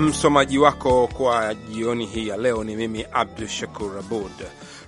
Msomaji wako kwa jioni hii ya leo ni mimi Abdu Shakur Abud.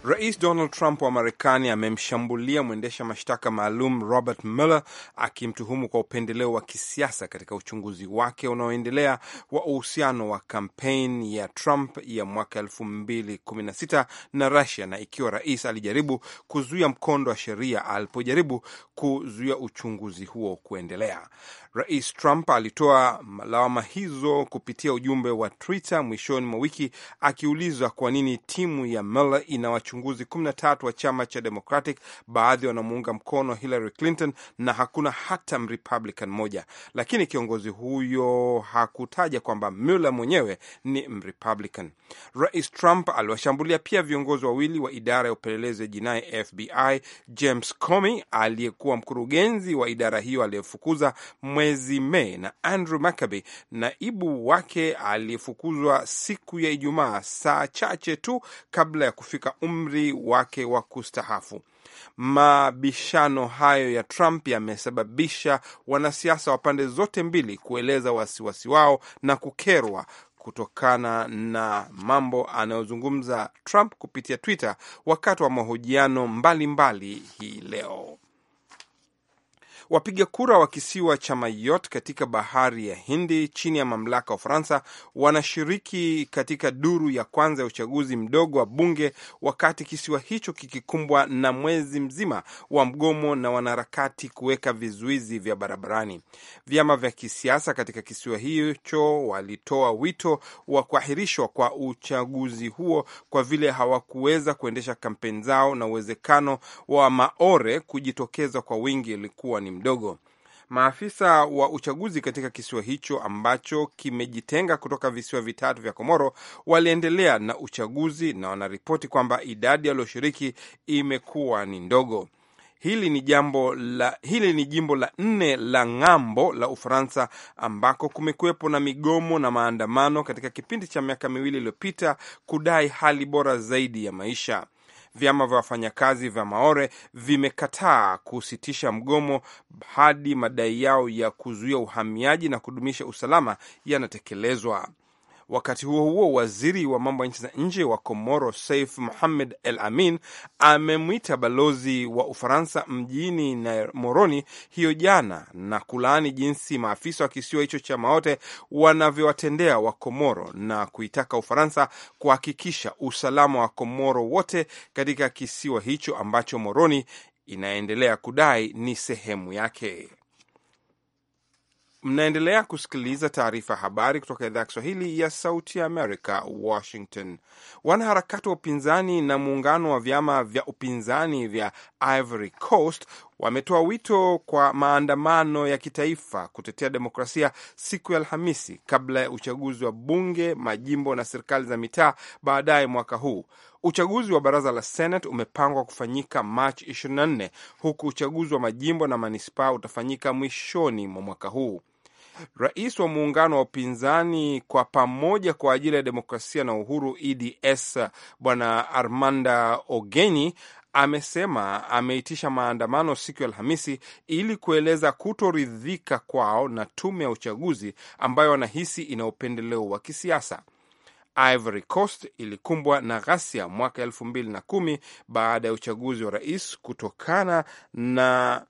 Rais Donald Trump wa Marekani amemshambulia mwendesha mashtaka maalum Robert Mueller akimtuhumu kwa upendeleo wa kisiasa katika uchunguzi wake unaoendelea wa uhusiano wa kampeni ya Trump ya mwaka 2016 na Russia, na ikiwa rais alijaribu kuzuia mkondo wa sheria alipojaribu kuzuia uchunguzi huo kuendelea. Rais Trump alitoa lawama hizo kupitia ujumbe wa Twitter mwishoni mwa wiki akiulizwa kwa nini timu ya Mueller inawach wachunguzi 13 wa chama cha Democratic, baadhi wanamuunga mkono Hillary Clinton na hakuna hata Mrepublican mmoja, lakini kiongozi huyo hakutaja kwamba Mueller mwenyewe ni Mrepublican. Rais Trump aliwashambulia pia viongozi wawili wa idara ya upelelezi ya jinai FBI, James Comey aliyekuwa mkurugenzi wa idara hiyo aliyefukuza mwezi Mei na Andrew McCabe naibu wake aliyefukuzwa siku ya Ijumaa, saa chache tu kabla ya kufika um umri wake wa kustahafu. Mabishano hayo ya Trump yamesababisha wanasiasa wa pande zote mbili kueleza wasiwasi wao na kukerwa kutokana na mambo anayozungumza Trump kupitia Twitter wakati wa mahojiano mbalimbali hii leo. Wapiga kura wa kisiwa cha Mayotte katika bahari ya Hindi chini ya mamlaka ya Ufaransa wanashiriki katika duru ya kwanza ya uchaguzi mdogo wa bunge, wakati kisiwa hicho kikikumbwa na mwezi mzima wa mgomo na wanaharakati kuweka vizuizi vya barabarani. Vyama vya kisiasa katika kisiwa hicho walitoa wito wa kuahirishwa kwa uchaguzi huo kwa vile hawakuweza kuendesha kampeni zao na uwezekano wa Maore kujitokeza kwa wingi ilikuwa ni mdogo. Maafisa wa uchaguzi katika kisiwa hicho ambacho kimejitenga kutoka visiwa vitatu vya Komoro waliendelea na uchaguzi na wanaripoti kwamba idadi walioshiriki imekuwa ni ndogo. Hili ni jambo la, hili ni jimbo la nne la ng'ambo la Ufaransa ambako kumekuwepo na migomo na maandamano katika kipindi cha miaka miwili iliyopita kudai hali bora zaidi ya maisha. Vyama vya wafanyakazi vya Maore vimekataa kusitisha mgomo hadi madai yao ya kuzuia uhamiaji na kudumisha usalama yanatekelezwa. Wakati huo huo, waziri wa mambo ya nchi za nje wa Komoro Saif Mohamed El Amin amemwita balozi wa Ufaransa mjini na Moroni hiyo jana na kulaani jinsi maafisa wa kisiwa hicho cha Maote wanavyowatendea wa Komoro na kuitaka Ufaransa kuhakikisha usalama wa Komoro wote katika kisiwa hicho ambacho Moroni inaendelea kudai ni sehemu yake. Mnaendelea kusikiliza taarifa habari kutoka idhaa ya Kiswahili ya Sauti ya Amerika, Washington. Wanaharakati wa upinzani na muungano wa vyama vya upinzani vya Ivory Coast wametoa wito kwa maandamano ya kitaifa kutetea demokrasia siku ya Alhamisi kabla ya uchaguzi wa bunge, majimbo na serikali za mitaa baadaye mwaka huu. Uchaguzi wa baraza la Senate umepangwa kufanyika Machi 24 huku uchaguzi wa majimbo na manispaa utafanyika mwishoni mwa mwaka huu rais wa muungano wa upinzani kwa pamoja kwa ajili ya demokrasia na uhuru EDS Bwana Armanda Ogeni amesema ameitisha maandamano siku ya Alhamisi ili kueleza kutoridhika kwao na tume ya uchaguzi ambayo wanahisi ina upendeleo wa kisiasa. Ivory Coast ilikumbwa na ghasia mwaka elfu mbili na kumi baada ya uchaguzi wa rais kutokana na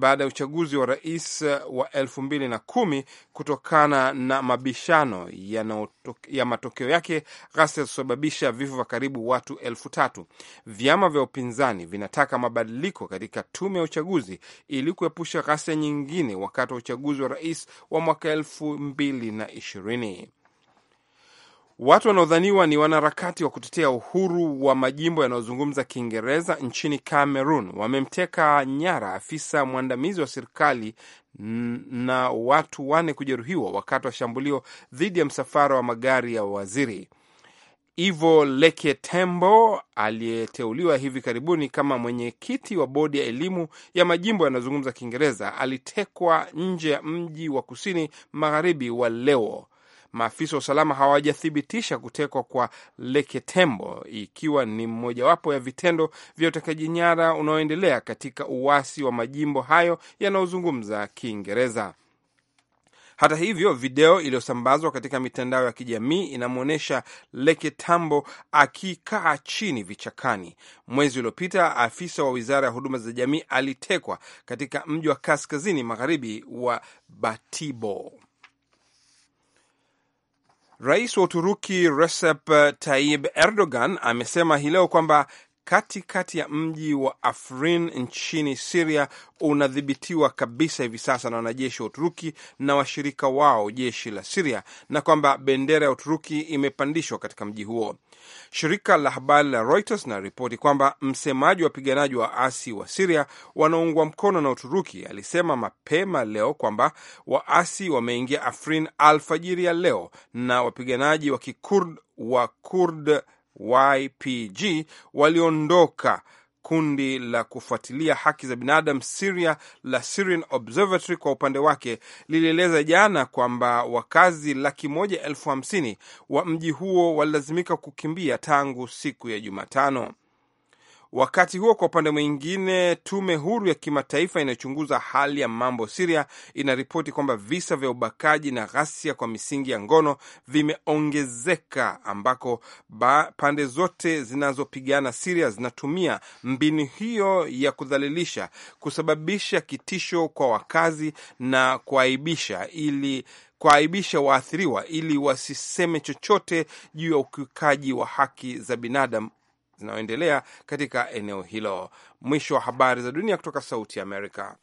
baada ya uchaguzi wa rais uh, wa elfu mbili na kumi kutokana na mabishano ya, ya matokeo yake ghasia yalisababisha vifo vya karibu watu elfu tatu. Vyama vya upinzani vinataka mabadiliko katika tume ya uchaguzi ili kuepusha ghasia nyingine wakati wa uchaguzi wa rais wa mwaka elfu mbili na ishirini. Watu wanaodhaniwa ni wanaharakati wa kutetea uhuru wa majimbo yanayozungumza Kiingereza nchini Cameroon wamemteka nyara afisa mwandamizi wa serikali na watu wane kujeruhiwa wakati wa shambulio dhidi ya msafara wa magari ya waziri. Ivo Leke Tembo aliyeteuliwa hivi karibuni kama mwenyekiti wa bodi ya elimu ya majimbo yanayozungumza Kiingereza alitekwa nje ya mji wa kusini magharibi wa leo Maafisa wa usalama hawajathibitisha kutekwa kwa Leketembo, ikiwa ni mmojawapo ya vitendo vya utekaji nyara unaoendelea katika uwasi wa majimbo hayo yanayozungumza Kiingereza. Hata hivyo, video iliyosambazwa katika mitandao ya kijamii inamwonyesha Leketambo akikaa chini vichakani. Mwezi uliopita, afisa wa wizara ya huduma za jamii alitekwa katika mji wa kaskazini magharibi wa Batibo. Rais wa Uturuki Recep Tayyip Erdogan amesema hii leo kwamba katikati kati ya mji wa Afrin nchini Siria unadhibitiwa kabisa hivi sasa na wanajeshi wa Uturuki na washirika wao jeshi la Siria, na kwamba bendera ya Uturuki imepandishwa katika mji huo. Shirika la habari la Reuters linaripoti kwamba msemaji wa wapiganaji wa asi wa Siria wanaoungwa mkono na Uturuki alisema mapema leo kwamba waasi wameingia Afrin alfajiri ya leo na wapiganaji wa Kikurd wa Kurd YPG waliondoka kundi la kufuatilia haki za binadamu Syria la Syrian Observatory kwa upande wake lilieleza jana kwamba wakazi laki moja elfu hamsini wa mji huo walilazimika kukimbia tangu siku ya Jumatano. Wakati huo kwa upande mwingine, tume huru ya kimataifa inayochunguza hali ya mambo Siria inaripoti kwamba visa vya ubakaji na ghasia kwa misingi ya ngono vimeongezeka, ambako ba, pande zote zinazopigana Siria zinatumia mbinu hiyo ya kudhalilisha, kusababisha kitisho kwa wakazi na kuaibisha ili kuaibisha waathiriwa ili wasiseme chochote juu ya ukiukaji wa haki za binadamu zinazoendelea katika eneo hilo. Mwisho wa habari za dunia kutoka Sauti ya Amerika.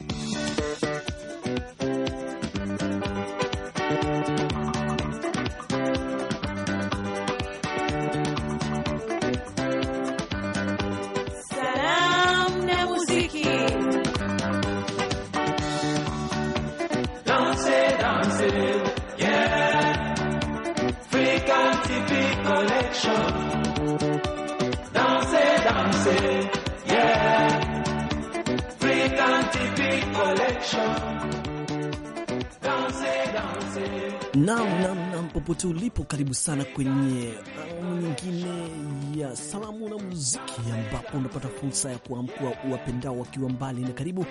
Naam, naam, popote ulipo, karibu sana kwenye awamu nyingine ya salamu na muziki, ambapo unapata fursa ya kuamkua uwapendao wakiwa mbali na karibu,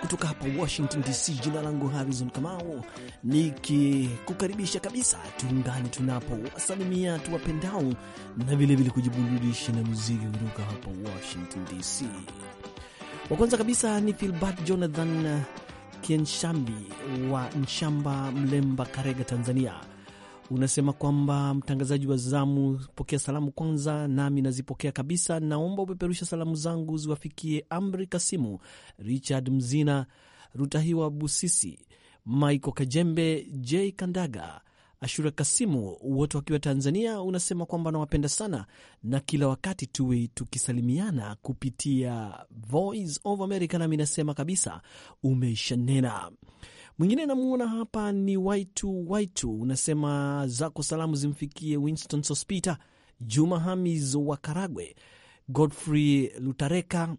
kutoka hapa Washington DC. Jina langu Harrison Kamau, nikikukaribisha kabisa, tuungane tunapo wasalimia tuwapendao na vilevile kujiburudisha na muziki kutoka hapa Washington DC. Wa kwanza kabisa ni Filbert Jonathan Kienshambi wa Nshamba, Mlemba, Karega, Tanzania, unasema kwamba mtangazaji wa zamu, pokea salamu kwanza, nami nazipokea kabisa. Naomba upeperusha salamu zangu ziwafikie Amri Kasimu, Richard Mzina, Rutahiwa Busisi, Maiko Kajembe, J Kandaga, Ashura Kasimu, wote wakiwa Tanzania, unasema kwamba nawapenda sana na kila wakati tuwe tukisalimiana kupitia Voice of America, nami nasema kabisa, umeisha nena. Mwingine namuona hapa ni Waitu Waitu, unasema zako salamu zimfikie Winston Sospita, Juma Hamis wa Karagwe, Godfrey Lutareka,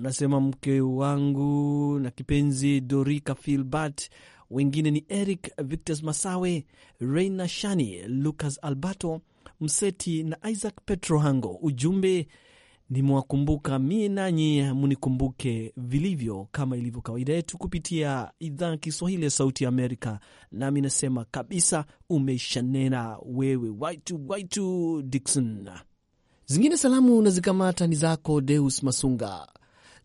nasema mke wangu na kipenzi Dorika Filbert wengine ni Eric Victos Masawe, Reina Shani, Lucas albato Mseti na Isaac Petro Hango. Ujumbe nimewakumbuka mie, nanyi munikumbuke vilivyo, kama ilivyo kawaida yetu kupitia idhaa Kiswahili ya Sauti ya Amerika. Nami nasema kabisa, umeshanena wewe, waitu waitu Dikson. Zingine salamu na zikamata ni zako Deus Masunga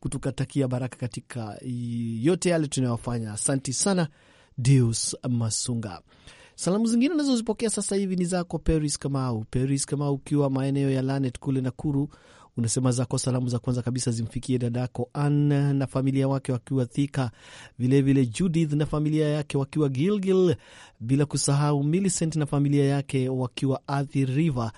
kutukatakia baraka katika yote yale tunayofanya. Asanti sana Deus Masunga. Salamu zingine unazozipokea sasa hivi ni zako Peris Kamau. Peris Kamau, ukiwa maeneo ya Lanet kule Nakuru, unasema zako salamu za kwanza kabisa zimfikie dadako Ann na familia wake wakiwa Thika, vilevile Judith na familia yake wakiwa Gilgil, bila kusahau Millicent na familia yake wakiwa Athi River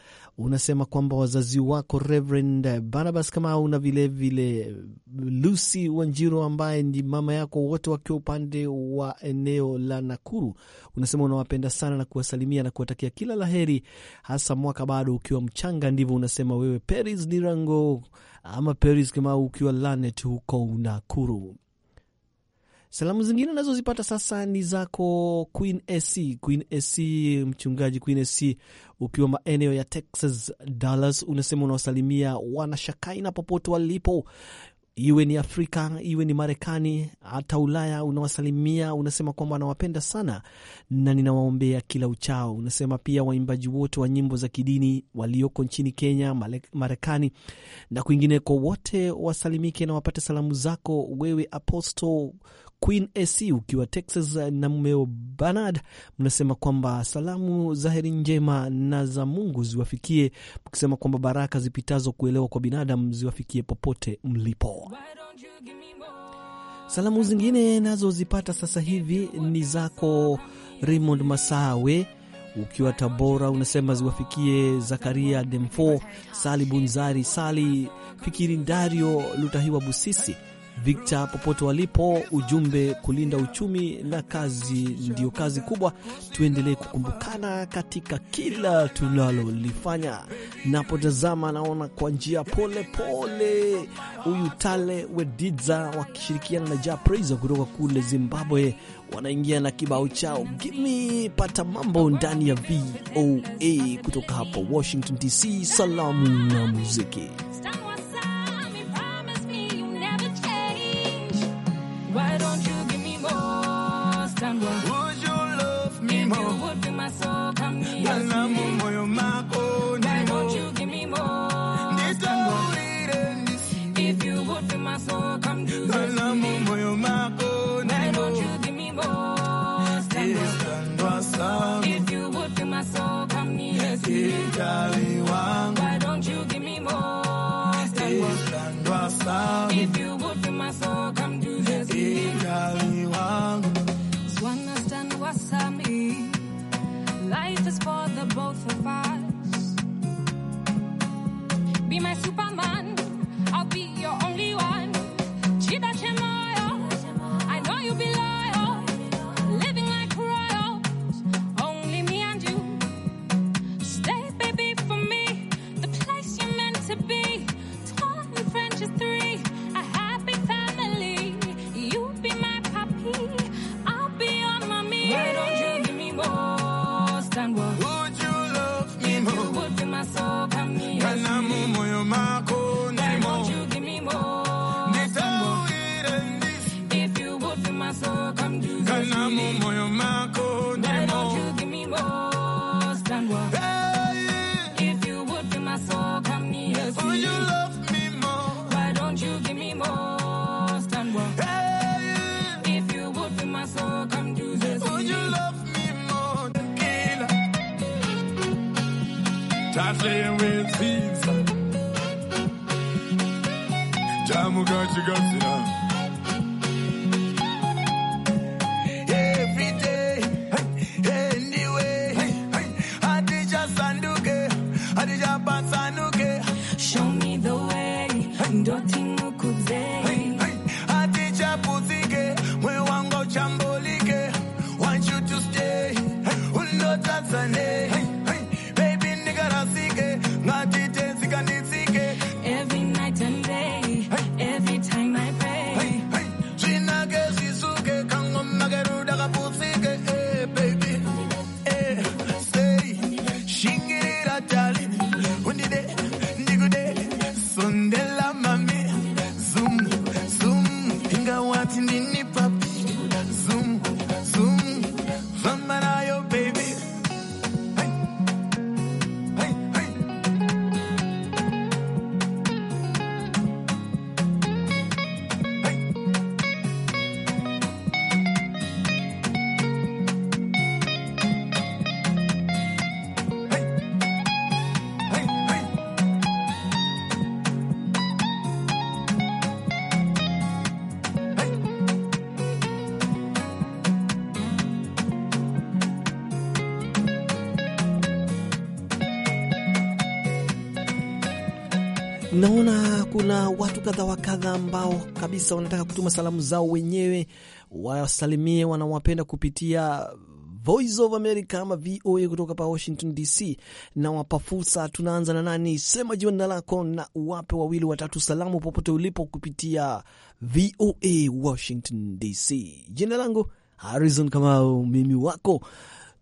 unasema kwamba wazazi wako Reverend Barnabas Kamau na vilevile Lucy Wanjiru ambaye ni mama yako, wote wakiwa upande wa eneo la Nakuru. Unasema unawapenda sana na kuwasalimia na kuwatakia kila laheri, hasa mwaka bado ukiwa mchanga. Ndivyo unasema wewe, Peris Nirango ama Peris Kamau, ukiwa Lanet huko Nakuru. Salamu zingine nazozipata sasa ni zako Queen AC, Queen AC, mchungaji Queen AC, ukiwa maeneo ya Texas, Dallas, unasema unawasalimia wanashakaina popote walipo, iwe ni Afrika, iwe ni Marekani, hata Ulaya. Unawasalimia, unasema kwamba anawapenda sana na ninawaombea kila uchao. Unasema pia waimbaji wote wa nyimbo za kidini walioko nchini Kenya, Marekani na kwingineko, wote wasalimike na wapate salamu zako wewe, Apostle Queen AC ukiwa Texas na mmeo Bernard, mnasema kwamba salamu za heri njema na za Mungu ziwafikie, mkisema kwamba baraka zipitazo kuelewa kwa binadamu ziwafikie popote mlipo. Salamu zingine nazozipata sasa hivi ni zako Raymond Masawe ukiwa Tabora, unasema ziwafikie Zakaria Demfo, Sali Bunzari, Sali Fikiri, Dario Lutahiwa Busisi Victor, popote walipo, ujumbe kulinda uchumi na kazi ndiyo kazi kubwa. Tuendelee kukumbukana katika kila tunalolifanya. Napotazama naona kwa njia pole pole, huyu Tale Wedidza wakishirikiana na Ja Praiser kutoka kule Zimbabwe wanaingia na kibao chao gimi pata mambo ndani ya VOA kutoka hapa Washington DC. Salamu na muziki. is for the both of us. Be my Superman. tightly with thieves. Time will go to go kadhaa ambao kabisa wanataka kutuma salamu zao wenyewe wasalimie wanawapenda kupitia Voice of America ama VOA kutoka pa Washington DC, na fursa. Tunaanza na nani? Sema jina lako na uwape wawili watatu salamu popote ulipo kupitia VOA Washington DC. Jina langu Harrison Kamau, mimi wako,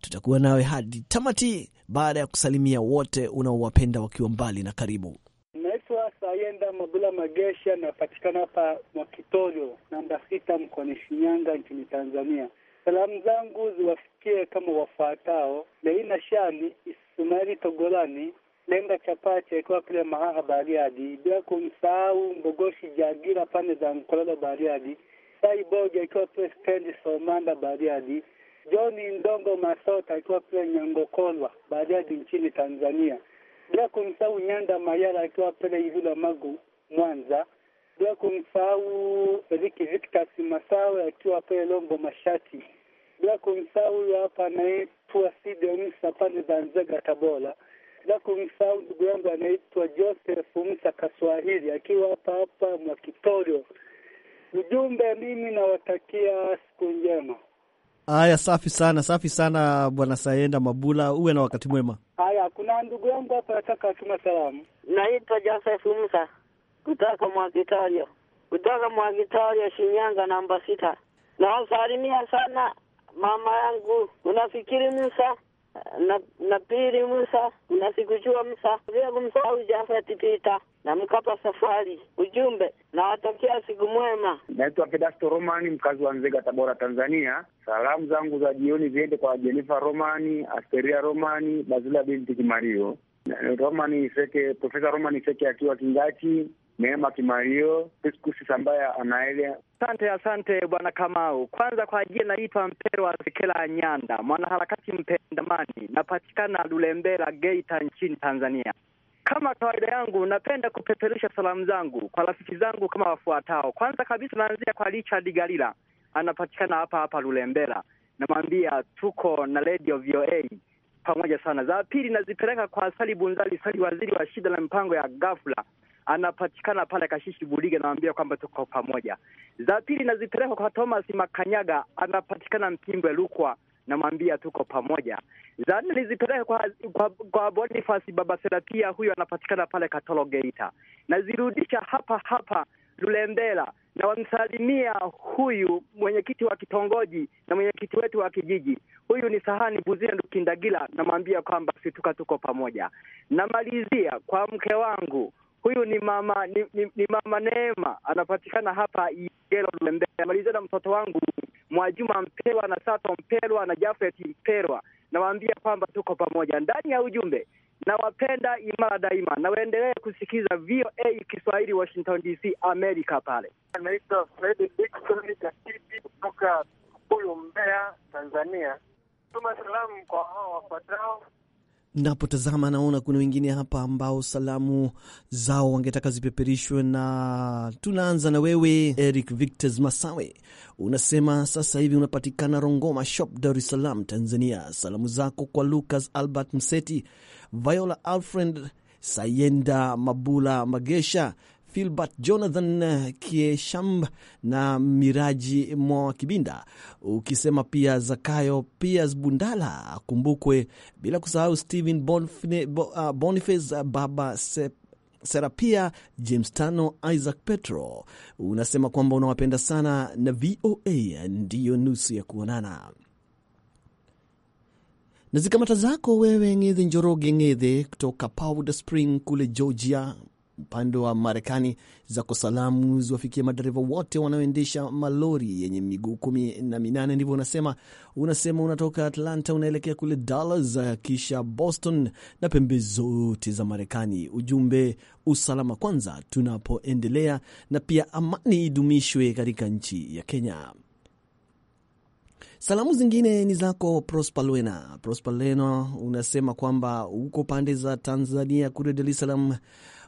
tutakuwa nawe hadi tamati, baada ya kusalimia wote unaowapenda wakiwa mbali na karibu. Mapenda Mabula Magesha, napatikana hapa Mwakitorio namba sita mkoani Shinyanga nchini Tanzania. Salamu zangu ziwafikie kama wafuatao: Leina Shani, Ismaili Togolani, Lenga Chapache akiwa pale Mahaha Bariadi, bila kumsahau mgogoshi Jagira pande za Mkololo Bariadi, Sai Boja akiwa pale stendi Somanda Bariadi, Johni Ndongo Masota akiwa pale Nyangokolwa Bariadi nchini Tanzania bila kumsahau Nyanda Mayara akiwa pele Ivula Magu Mwanza, bila kumsahau Riki Victor Masawe akiwa pele Lombo Mashati, bila kumsahau huyo hapa anaitwa Sidemsa pande za Nzega Tabora, bila kumsahau ndugu yangu anaitwa Joseph Musa Kaswahili akiwa hapa hapa Mwakitorio. Ujumbe, mimi nawatakia siku njema. Haya, safi sana, safi sana Bwana Sayenda Mabula, uwe na wakati mwema. Haya, kuna ndugu yangu hapa nataka atuma salamu. Naitwa Joseph Musa kutoka mwakitorio kutoka mwakitorio Shinyanga, namba sita. Nawasalimia sana mama yangu unafikiri Musa na, na pili Musa unasikujua Musa vile kumsahau Jafeti Pita na Mkapa Safari. Ujumbe nawatakia siku mwema. Naitwa Pedasto Romani, mkazi wa Nzega, Tabora, Tanzania. Salamu zangu za jioni ziende kwa Jenifa Romani, Asteria Romani, Bazila binti Kimario, Romani Seke, Profesa Romani seke akiwa Kingati Neema Kimario, Priscus ambaye anaelea. Asante, asante bwana Kamau. Kwanza kwa ajili, naitwa mpero wa Sekela Nyanda, mwanaharakati mpendamani, napatikana Lulembela, Geita nchini Tanzania. Kama kawaida yangu napenda kupeperusha salamu zangu kwa rafiki zangu kama wafuatao. Kwanza kabisa naanzia kwa Richard Galila, anapatikana hapa hapa Lulembela, namwambia tuko na Radio VOA pamoja sana. Za pili nazipeleka kwa Sali Bunzali Sali, waziri wa shida na mipango ya ghafla anapatikana pale Kashishi Bulige, namwambia kwamba tuko pamoja. Za pili nazipeleka kwa Thomas Makanyaga, anapatikana Mpimbwe Lukwa, namwambia tuko pamoja. Za nne nizipeleke kwa, kwa, kwa Boniface Baba Serapia, huyo anapatikana pale Katoro Geita. Nazirudisha hapa hapa Lulembela na wamsalimia huyu mwenyekiti wa kitongoji na mwenyekiti wetu wa kijiji. Huyu ni sahani Buzia Ndukindagila, namwambia kwamba situka tuko pamoja. Namalizia kwa mke wangu Huyu ni mama ni, ni, ni mama Neema anapatikana hapa Igelo Lembea. Namaliza na mtoto wangu Mwajuma Mpelwa na Sato Mpelwa na Jafet Mpelwa, nawaambia kwamba tuko pamoja ndani ya ujumbe. Nawapenda imara daima, nawaendelee kusikiza VOA Kiswahili, Washington DC, Amerika. Pale naitwa Fredi Dikson Katiti kutoka Huyu Mbeya, Tanzania. Tuma salamu kwa hao wafuatao napotazama naona kuna wengine hapa ambao salamu zao wangetaka zipeperishwe, na tunaanza na wewe Eric victos Masawe. Unasema sasa hivi unapatikana Rongoma Shop, Dar es Salaam, Tanzania. Salamu zako kwa Lucas Albert Mseti, Viola Alfred Sayenda Mabula Magesha Philbert Jonathan Kieshamb na Miraji Mwa Kibinda, ukisema pia Zakayo Piers Bundala akumbukwe, bila kusahau Stephen uh, Boniface, uh, Baba Sep Serapia James Tano, Isaac Petro. Unasema kwamba unawapenda sana na VOA ndiyo nusu ya kuonana na zikamata zako wewe Ngedhe Njoroge Ngedhe kutoka Powder Spring kule Georgia, upande wa Marekani zako salamu ziwafikie madereva wote wanaoendesha malori yenye miguu kumi na minane, ndivyo unasema. Unasema unatoka Atlanta unaelekea kule Dallas, kisha Boston na pembe zote za Marekani. Ujumbe usalama kwanza tunapoendelea, na pia amani idumishwe katika nchi ya Kenya. Salamu zingine ni zako Prosper Lwena. unasema kwamba huko pande za Tanzania kule Dar es Salaam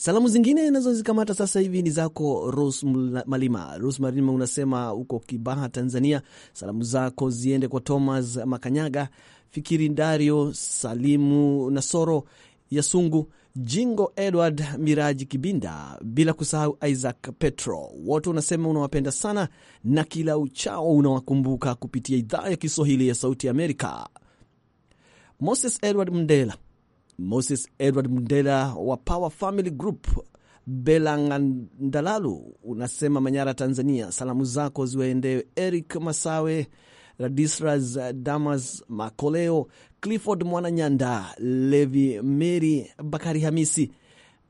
Salamu zingine nazozikamata sasa hivi ni zako Rose Malima. Rose Malima unasema uko Kibaha, Tanzania. Salamu zako ziende kwa Thomas Makanyaga, Fikiri Dario, Salimu Nasoro, Yasungu Jingo, Edward Miraji Kibinda, bila kusahau Isaac Petro. Wote unasema unawapenda sana na kila uchao unawakumbuka kupitia idhaa ya Kiswahili ya Sauti Amerika. Moses Edward Mndela Moses Edward Mndela wa Power Family Group Belangandalalu unasema Manyara, Tanzania. Salamu zako ziwaendee Eric Masawe, Radisras Damas Makoleo, Clifford Mwananyanda, Levi Meri, Bakari Hamisi,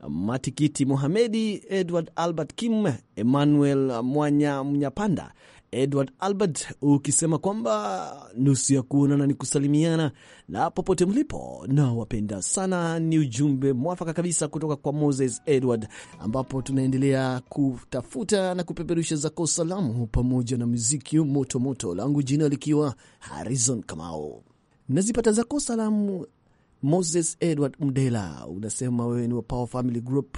Matikiti Mohamedi, Edward Albert Kim, Emmanuel Mwanya Mnyapanda, Edward Albert ukisema kwamba nusu ya kuonana ni kusalimiana, na popote mlipo na wapenda sana. Ni ujumbe mwafaka kabisa kutoka kwa Moses Edward, ambapo tunaendelea kutafuta na kupeperusha zako salamu pamoja na muziki moto moto, langu jina likiwa Harrison Kamao. Nazipata zako salamu Moses Edward Mdela, unasema wewe ni wa Power Family Group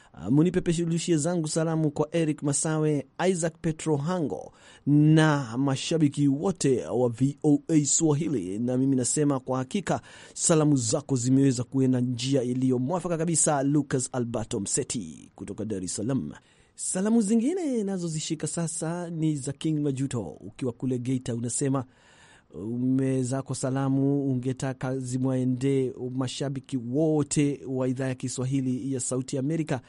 Ah, munipepeshulishie zangu salamu kwa Eric Masawe, Isaac Petro Hango na mashabiki wote wa VOA Swahili. Na mimi nasema kwa hakika salamu zako zimeweza kuenda njia iliyomwafaka kabisa. Lucas Alberto Mseti kutoka Dar es Salaam. Salamu zingine nazozishika sasa ni za King Majuto, ukiwa kule Geita, unasema umezako salamu ungetaka zimwaendee mashabiki wote wa idhaa ya Kiswahili ya Sauti Amerika,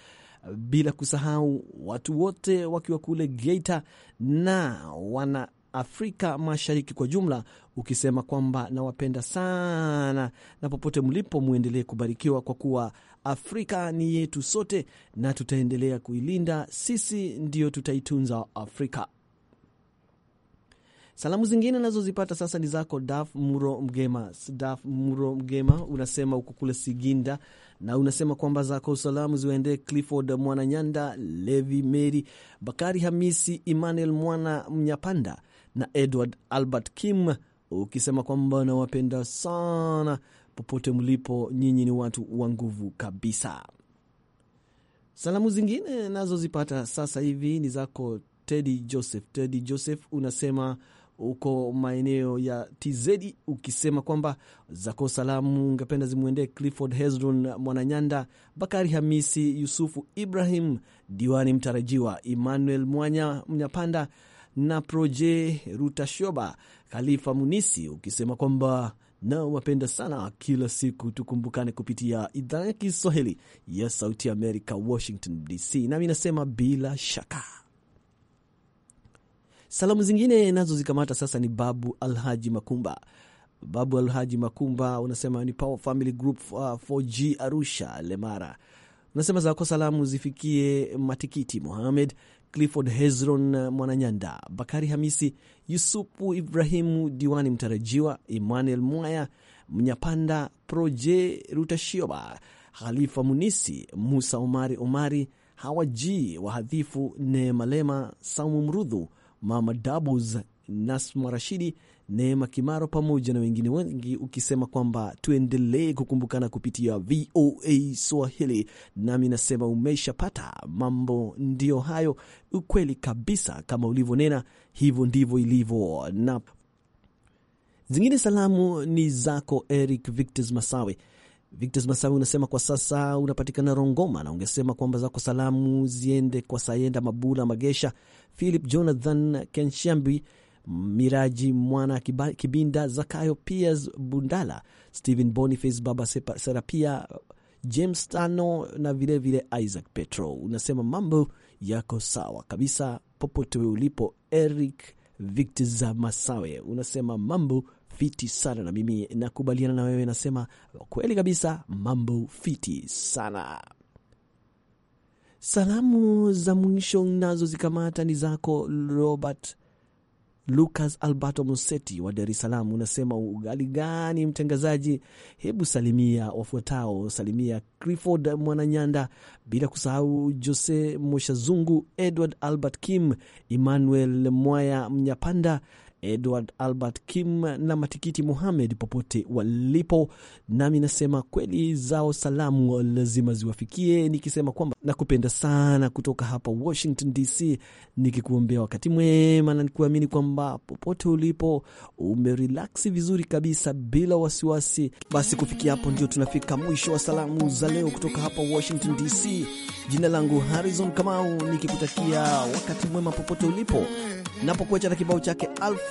bila kusahau watu wote wakiwa kule Geita na wana Afrika Mashariki kwa jumla, ukisema kwamba nawapenda sana na popote mlipo mwendelee kubarikiwa, kwa kuwa Afrika ni yetu sote na tutaendelea kuilinda. Sisi ndio tutaitunza Afrika. Salamu zingine nazozipata sasa ni zako Daf Muro Mgema. Daf Muro Mgema unasema uko kule Siginda na unasema kwamba zako salamu ziwaendee Clifford Mwananyanda, Levi Meri, Bakari Hamisi, Emmanuel Mwana Mnyapanda na Edward Albert Kim, ukisema kwamba nawapenda sana popote mlipo, nyinyi ni watu wa nguvu kabisa. Salamu zingine nazozipata sasa hivi ni zako Tedi Joseph. Tedi Joseph unasema huko maeneo ya TZ, ukisema kwamba zako salamu ungependa zimwendee Clifford Hezron Mwananyanda, Bakari Hamisi, Yusufu Ibrahim, diwani mtarajiwa Emmanuel Mwanya Mnyapanda na Proje Rutashoba, Khalifa Munisi, ukisema kwamba na wapenda sana kila siku tukumbukane kupitia idhaa ya Kiswahili ya Sauti Amerika, Washington DC. Nami nasema bila shaka Salamu zingine nazo zikamata sasa ni Babu Alhaji Makumba. Babu Alhaji Makumba unasema ni Power Family Group 4G uh, Arusha Lemara. Unasema zako salamu zifikie Matikiti Mohamed, Clifford Hezron uh, Mwananyanda, Bakari Hamisi, yusupu Ibrahimu Diwani Mtarajiwa, Emmanuel Mwaya Mnyapanda, Proje Rutashioba, Khalifa Munisi, Musa Omari Omari, Hawaji Wahadhifu, Neemalema, Saumu Mrudhu Mama Dabus, Nasma Rashidi, Neema Kimaro pamoja na wengine wengi, ukisema kwamba tuendelee kukumbukana kupitia VOA Swahili. Nami nasema umeshapata mambo, ndiyo hayo. Ukweli kabisa, kama ulivyonena, hivyo ndivyo ilivyo. Na zingine salamu ni zako Eric Victos Masawe Victos Masawi unasema kwa sasa unapatikana Rongoma, na ungesema kwamba zako salamu ziende kwa Sayenda Mabula Magesha, Philip Jonathan Kenshambi, Miraji Mwana Kibinda, Zakayo Piers Bundala, Stephen Boniface, Baba Serapia, James Tano na vilevile vile Isaac Petro. Unasema mambo yako sawa kabisa popote ulipo. Eric Victos Masawe unasema mambo fiti sana, na mimi nakubaliana na wewe, nasema kweli kabisa, mambo fiti sana. Salamu za mwisho nazo zikamata ni zako Robert Lucas Alberto Museti wa Dar es Salaam, unasema ugali gani mtangazaji? Hebu salimia wafuatao, salimia Clifford Mwananyanda, bila kusahau Jose Moshazungu, Edward Albert Kim, Emmanuel Mwaya Mnyapanda, Edward Albert Kim na Matikiti Muhamed popote walipo, nami nasema kweli zao salamu lazima ziwafikie, nikisema kwamba nakupenda sana kutoka hapa Washington DC, nikikuombea wakati mwema na nikuamini kwamba popote ulipo umerilaksi vizuri kabisa bila wasiwasi. Basi kufikia hapo ndio tunafika mwisho wa salamu za leo kutoka hapa Washington DC. Jina langu Harrison Kamau, nikikutakia wakati mwema popote ulipo, napokuacha na kibao chake Alf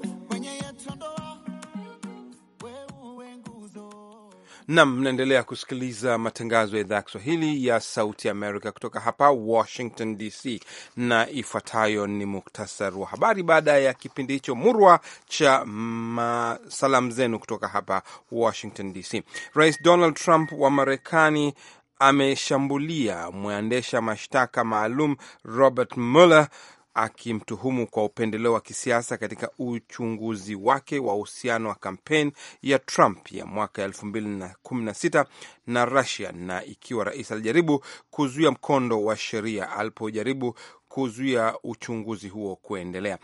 Nam, mnaendelea kusikiliza matangazo ya idhaa ya Kiswahili ya Sauti Amerika kutoka hapa Washington DC, na ifuatayo ni muktasar wa habari baada ya kipindi hicho murwa cha salamu zenu kutoka hapa Washington DC. Rais Donald Trump wa Marekani ameshambulia mwendesha mashtaka maalum Robert Mueller akimtuhumu kwa upendeleo wa kisiasa katika uchunguzi wake wa uhusiano wa kampeni ya Trump ya mwaka 2016 na Russia, na ikiwa rais alijaribu kuzuia mkondo wa sheria alipojaribu kuzuia uchunguzi huo kuendelea.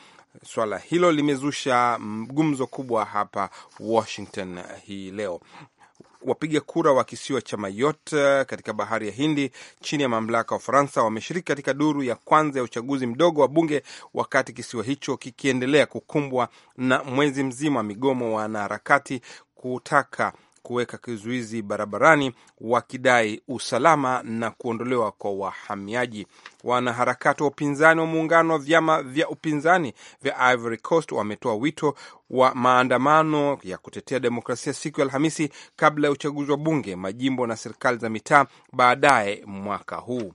Swala hilo limezusha gumzo kubwa hapa Washington eh, hii leo wapiga kura wa kisiwa cha Mayotte eh, katika bahari ya Hindi chini ya mamlaka ya Ufaransa wameshiriki katika duru ya kwanza ya uchaguzi mdogo wa bunge, wakati kisiwa hicho kikiendelea kukumbwa na mwezi mzima wa migomo wanaharakati kutaka kuweka kizuizi barabarani wakidai usalama na kuondolewa kwa wahamiaji. Wanaharakati wa upinzani wa muungano wa vyama vya upinzani vya Ivory Coast wametoa wito wa maandamano ya kutetea demokrasia siku ya Alhamisi kabla ya uchaguzi wa bunge, majimbo na serikali za mitaa baadaye mwaka huu.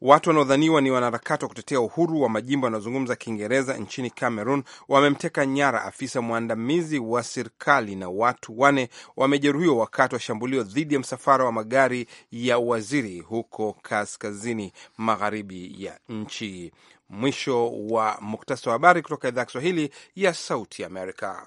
Watu wanaodhaniwa ni wanaharakati wa kutetea uhuru wa majimbo yanayozungumza Kiingereza nchini Cameroon wamemteka nyara afisa mwandamizi wa serikali na watu wane wamejeruhiwa wakati wa shambulio dhidi ya msafara wa magari ya waziri huko kaskazini magharibi ya nchi. Mwisho wa muktasa wa habari kutoka idhaa ya Kiswahili ya Sauti Amerika.